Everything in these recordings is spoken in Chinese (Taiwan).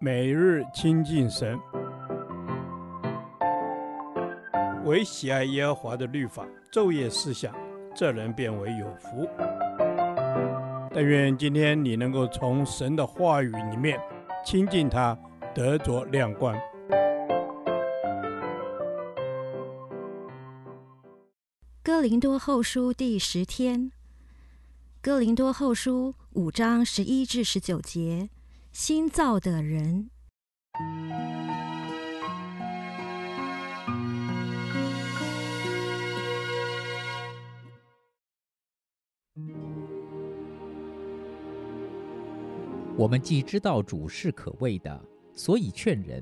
每日親近神，唯喜愛耶和華的律法，晝夜思想，這人便為有福。但願今天你能夠從神的話語裡面親近他，得着亮光。哥林多後書第十天，哥林多後書五章十一至十九節。新造的人，我們既知道主是可畏的，所以勸人；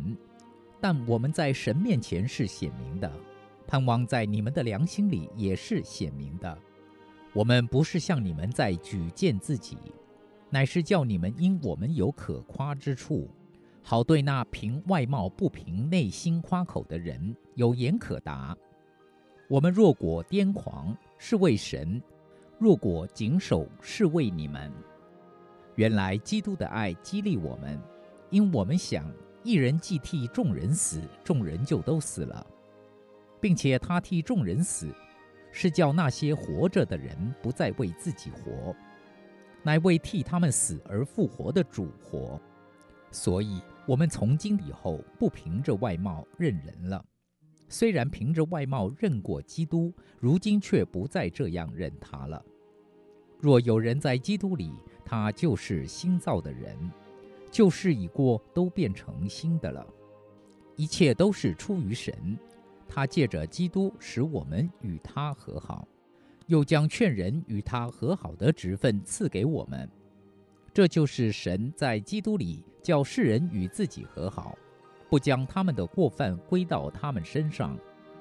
但我們在神面前是顯明的，盼望在你們的良心裡也是顯明的。我們不是向你們在舉薦自己。乃是叫你們因我們有可誇之處，好對那憑外貌不憑內心誇口的人有言可答。我們若果癲狂，是為神；若果謹守，是為你們。原來基督的愛激勵我們，因我們想一人既替眾人死，眾人就都死了，並且他替眾人死，是叫那些活着的人不再為自己活。乃為替他們死而復活的主活，所以我們從今以後不憑着外貌認人了。雖然憑着外貌認過基督，如今卻不再這樣認他了。若有人在基督裡，他就是新造的人，舊事已過，都變成新的了。一切都是出於神，他借着基督使我們與他和好。又將勸人與他和好的職分賜給我們，這就是神在基督裡叫世人與自己和好，不將他們的過犯歸到他們身上，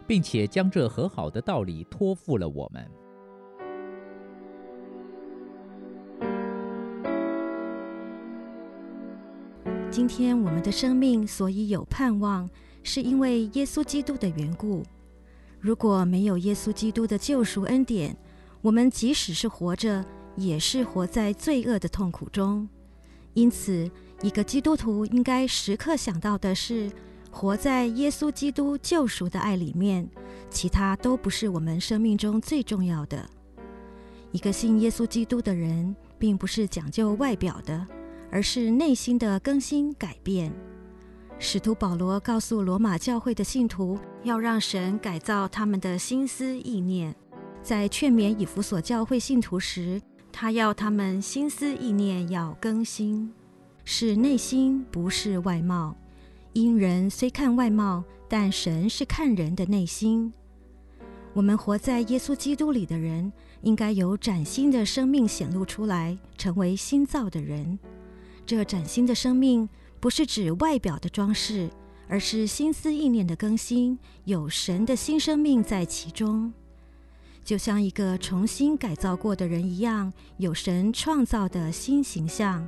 並且將這和好的道理託付了我們。今天我們的生命所以有盼望，是因為耶穌基督的緣故。如果沒有耶穌基督的救贖恩典，我們即使是活着，也是活在罪惡的痛苦中。因此，一個基督徒應該時刻想到的是活在耶穌基督救贖的愛裡面，其他都不是我們生命中最重要的。一個信耶穌基督的人，並不是講究外表的，而是內心的更新改變。使徒保羅告訴羅馬教會的信徒，要讓神改造他們的心思意念。在勸勉以弗所教會信徒時，他要他們心思意念要更新，是內心，不是外貌。因人雖看外貌，但神是看人的內心。我們活在耶穌基督裡的人，應該有嶄新的生命顯露出來，成為新造的人。這嶄新的生命，不是指外表的裝飾，而是心思意念的更新，有神的新生命在其中，就像一個重新改造過的人一樣，有神創造的新形象，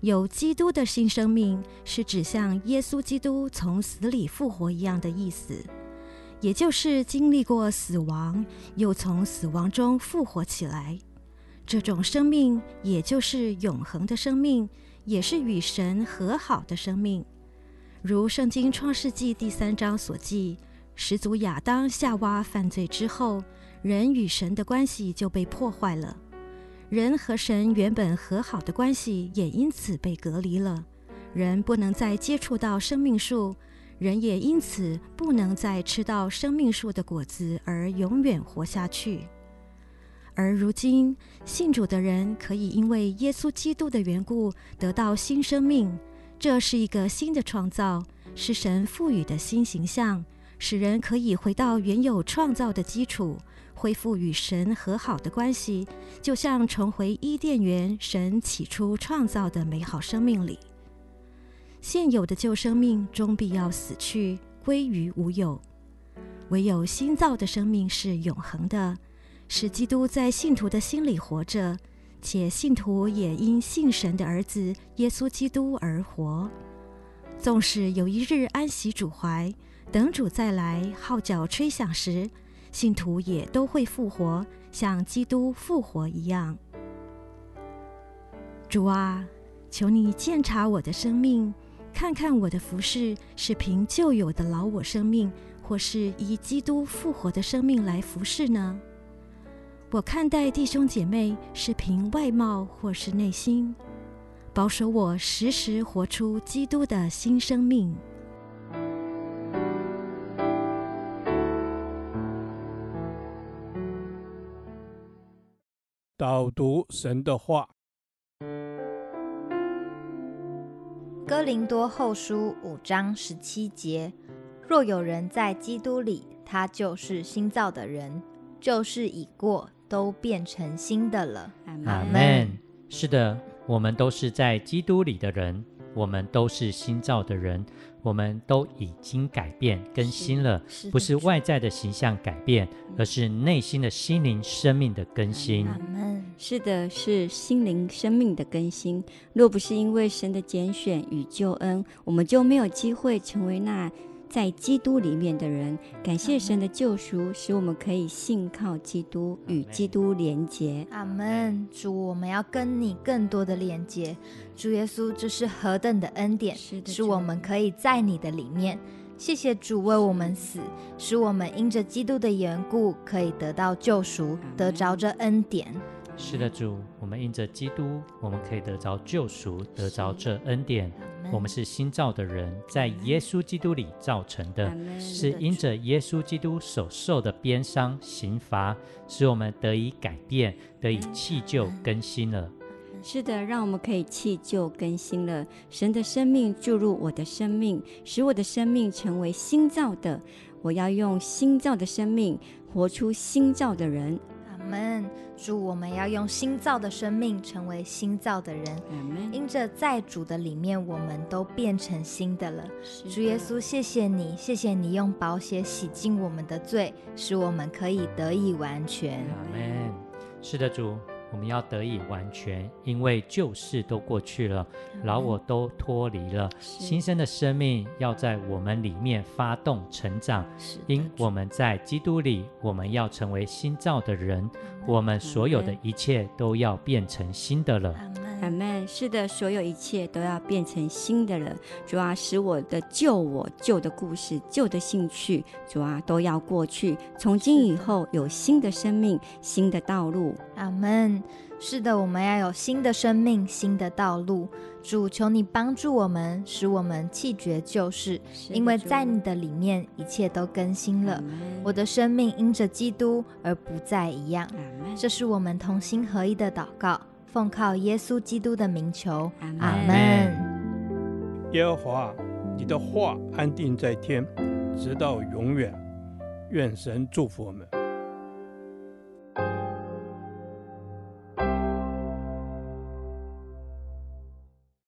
有基督的新生命，是指像耶穌基督從死裡復活一樣的意思，也就是經歷過死亡，又從死亡中復活起來，這種生命也就是永恆的生命。也是與神和好的生命，如聖經創世紀第三章所記，始祖亞當、夏娃犯罪之後，人與神的關係就被破壞了，人和神原本和好的關係也因此被隔離了，人不能再接觸到生命樹，人也因此不能再吃到生命樹的果子而永遠活下去。而如今，信主的人可以因為耶穌基督的緣故得到新生命，這是一個新的創造，是神賦予的新形象，使人可以回到原有創造的基礎，恢復與神和好的關係，就像重回伊甸園，神起初創造的美好生命裡。現有的舊生命終必要死去，歸於無有，唯有新造的生命是永恆的。使基督在信徒的心裡活着，且信徒也因信神的兒子耶穌基督而活。縱使有一日安息主懷，等主再來號角吹響時，信徒也都會復活，像基督復活一樣。主啊，求你鑒察我的生命，看看我的服侍，是憑舊有的老我生命，或是以基督復活的生命來服侍呢？我看待弟兄姐妹是憑外貌或是內心，保守我時時活出基督的新生命。導讀神的話，《哥林多後書》五章十七節：若有人在基督裡，他就是新造的人，舊事已過。都變成新的了。阿門。是的，我們都是在基督裡的人，我們都是新造的人，我們都已經改變更新了。不是外在的形象改變，而是內心的心靈生命的更新。阿門。嗯。Amen. 是的，是心靈生命的更新。若不是因為神的揀選與救恩，我們就沒有機會成為那。在基督裡面的人，感謝神的救贖，使我們可以信靠基督，與基督連結。阿門。主，我們要跟你更多的連接。主耶穌，這是何等的恩典的，使我們可以在你的裡面。謝謝主為我們死，使我們因着基督的緣故可，可以得到救贖，得着這恩典。是的，主，我們因着基督，我們可以得着救贖，得着這恩典。我們是新造的人，在耶穌基督裡造成的，Amen. 是因着耶穌基督所受的鞭傷、刑罰，使我們得以改變，Amen. 得以棄舊更新了。是的，讓我們可以棄舊更新了。神的生命注入我的生命，使我的生命成為新造的。我要用新造的生命活出新造的人。們，主，我們要用新造的生命，成為新造的人。Amen. 因着在主的裡面，我們都變成新的了。是的主耶穌，謝謝你，謝謝你用寶血洗淨我們的罪，使我們可以得以完全。Amen. 是的，主。我們要得以完全，因為舊事都過去了，嗯、老我都脫離了，新生的生命要在我們裡面發動成長。因我們在基督裡，我們要成為新造的人，嗯、我們所有的一切都要變成新的了。嗯嗯阿門。是的，所有一切都要變成新的了。主啊，使我的舊我、舊的故事、舊的興趣，主啊，都要過去。從今以後，有新的生命、新的道路。阿門。是的，我們要有新的生命、新的道路。主，求你幫助我們，使我們棄絕舊事，因為在你的裡面，一切都更新了。我的生命因着基督而不再一樣。這是我們同心合一的禱告。奉靠耶穌基督的名求，阿門。耶和華，你的話安定在天，直到永遠。願神祝福我們。